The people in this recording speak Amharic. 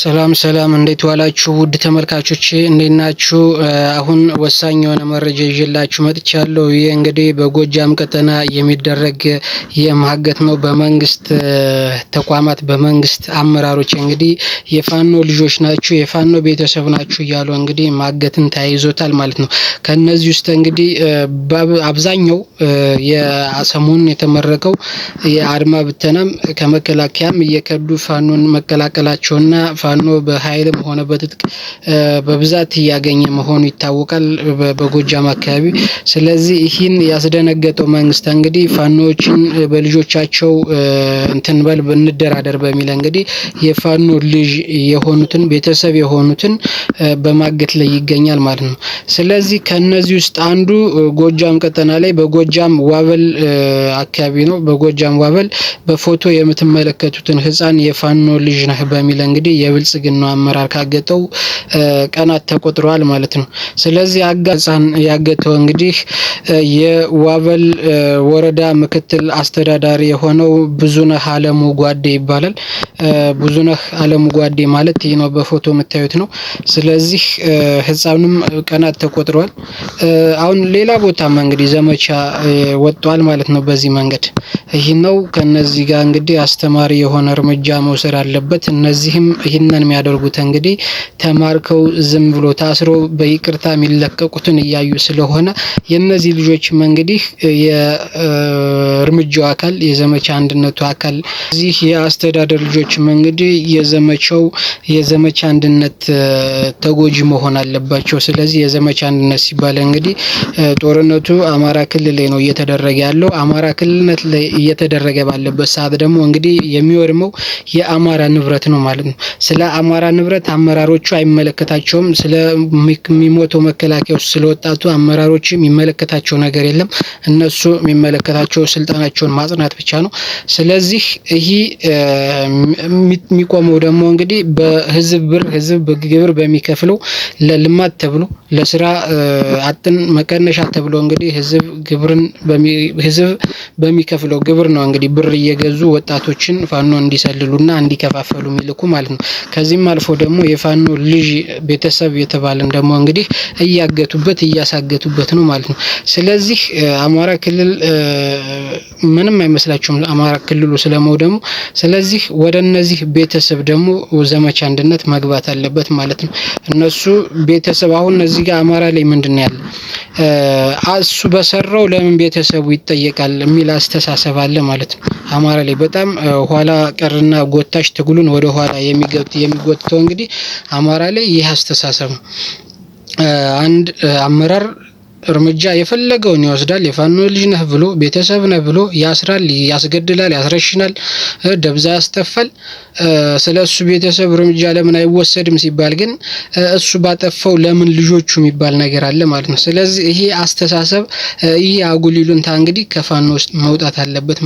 ሰላም ሰላም፣ እንዴት ዋላችሁ ውድ ተመልካቾቼ፣ እንዴት ናችሁ? አሁን ወሳኝ የሆነ መረጃ ይዤላችሁ መጥቻለሁ። ይህ እንግዲህ በጎጃም ቀጠና የሚደረግ የማገት ነው። በመንግስት ተቋማት በመንግስት አመራሮች እንግዲህ የፋኖ ልጆች ናችሁ፣ የፋኖ ቤተሰብ ናችሁ እያሉ እንግዲህ ማገትን ተያይዞታል ማለት ነው። ከነዚህ ውስጥ እንግዲህ አብዛኛው የሰሞኑን የተመረቀው የአድማ ብተናም ከመከላከያም እየከዱ ፋኖን መቀላቀላቸውና ፋኖ በኃይልም ሆነ በትጥቅ በብዛት እያገኘ መሆኑ ይታወቃል በጎጃም አካባቢ። ስለዚህ ይህን ያስደነገጠው መንግስት እንግዲህ ፋኖዎችን በልጆቻቸው እንትንበል በል እንደራደር በሚል እንግዲህ የፋኖ ልጅ የሆኑትን ቤተሰብ የሆኑትን በማገት ላይ ይገኛል ማለት ነው። ስለዚህ ከነዚህ ውስጥ አንዱ ጎጃም ቀጠና ላይ በጎጃም ዋበል አካባቢ ነው። በጎጃም ዋበል በፎቶ የምትመለከቱትን ህፃን የፋኖ ልጅ ነህ በሚል እንግዲህ የብልጽግናው አመራር ካገጠው ቀናት ተቆጥረዋል ማለት ነው። ስለዚህ አጋጻን ያገተው እንግዲህ የዋበል ወረዳ ምክትል አስተዳዳሪ የሆነው ብዙነህ አለሙ ጓዴ ይባላል። ብዙነህ አለሙ ጓዴ ማለት ይህ ነው፣ በፎቶ የምታዩት ነው። ስለዚህ ህፃኑም ቀናት ተቆጥረዋል። አሁን ሌላ ቦታም እንግዲህ ዘመቻ ወጥቷል ማለት ነው በዚህ መንገድ ይህ ነው። ከነዚህ ጋር እንግዲህ አስተማሪ የሆነ እርምጃ መውሰድ አለበት። እነዚህም ይህንን የሚያደርጉት እንግዲህ ተማርከው ዝም ብሎ ታስሮ በይቅርታ የሚለቀቁትን እያዩ ስለሆነ የእነዚህ ልጆችም እንግዲህ የእርምጃው አካል የዘመቻ አንድነቱ አካል እዚህ የአስተዳደር ልጆችም እንግዲህ የዘመቻው የዘመቻ አንድነት ተጎጂ መሆን አለባቸው። ስለዚህ የዘመቻ አንድነት ሲባል እንግዲህ ጦርነቱ አማራ ክልል ላይ ነው እየተደረገ ያለው አማራ ክልልነት ላይ እየተደረገ ባለበት ሰዓት ደግሞ እንግዲህ የሚወድመው የአማራ ንብረት ነው ማለት ነው። ስለ አማራ ንብረት አመራሮቹ አይመለከታቸውም። ስለሚሞተው መከላከያ ውስጥ ስለወጣቱ አመራሮች የሚመለከታቸው ነገር የለም። እነሱ የሚመለከታቸው ስልጣናቸውን ማጽናት ብቻ ነው። ስለዚህ ይህ የሚቆመው ደግሞ እንግዲህ በህዝብ ብር ህዝብ ግብር በሚከፍለው ለልማት ተብሎ ለስራ አጥን መቀነሻ ተብሎ እንግዲህ ህዝብ ግብርን ህዝብ በሚከፍለው ግብር ነው እንግዲህ ብር እየገዙ ወጣቶችን ፋኖ እንዲሰልሉና እንዲከፋፈሉ የሚልኩ ማለት ነው። ከዚህም አልፎ ደግሞ የፋኖ ልጅ ቤተሰብ የተባለን ደግሞ እንግዲህ እያገቱበት እያሳገቱበት ነው ማለት ነው። ስለዚህ አማራ ክልል ምንም አይመስላችሁም አማራ ክልሉ ስለመውደሙ። ስለዚህ ወደ እነዚህ ቤተሰብ ደግሞ ዘመቻ አንድነት መግባት አለበት ማለት ነው። እነሱ ቤተሰብ አሁን እዚህ ጋር አማራ ላይ ምንድን ያለ እሱ በሰራው ለምን ቤተሰቡ ይጠየቃል የሚል አስተሳሰብ አለ ማለት ነው። አማራ ላይ በጣም ኋላ ቀርና ጎታች ትግሉን ወደ ኋላ የሚጎትተው እንግዲህ አማራ ላይ ይህ አስተሳሰብ ነው። አንድ አመራር እርምጃ የፈለገውን ይወስዳል። የፋኖ ልጅ ነህ ብሎ ቤተሰብ ነህ ብሎ ያስራል፣ ያስገድላል፣ ያስረሽናል፣ ደብዛ ያስጠፋል። ስለ እሱ ቤተሰብ እርምጃ ለምን አይወሰድም ሲባል ግን እሱ ባጠፋው ለምን ልጆቹ የሚባል ነገር አለ ማለት ነው። ስለዚህ ይሄ አስተሳሰብ ይህ አጉሊሉንታ እንግዲህ ከፋኖ ውስጥ መውጣት አለበት።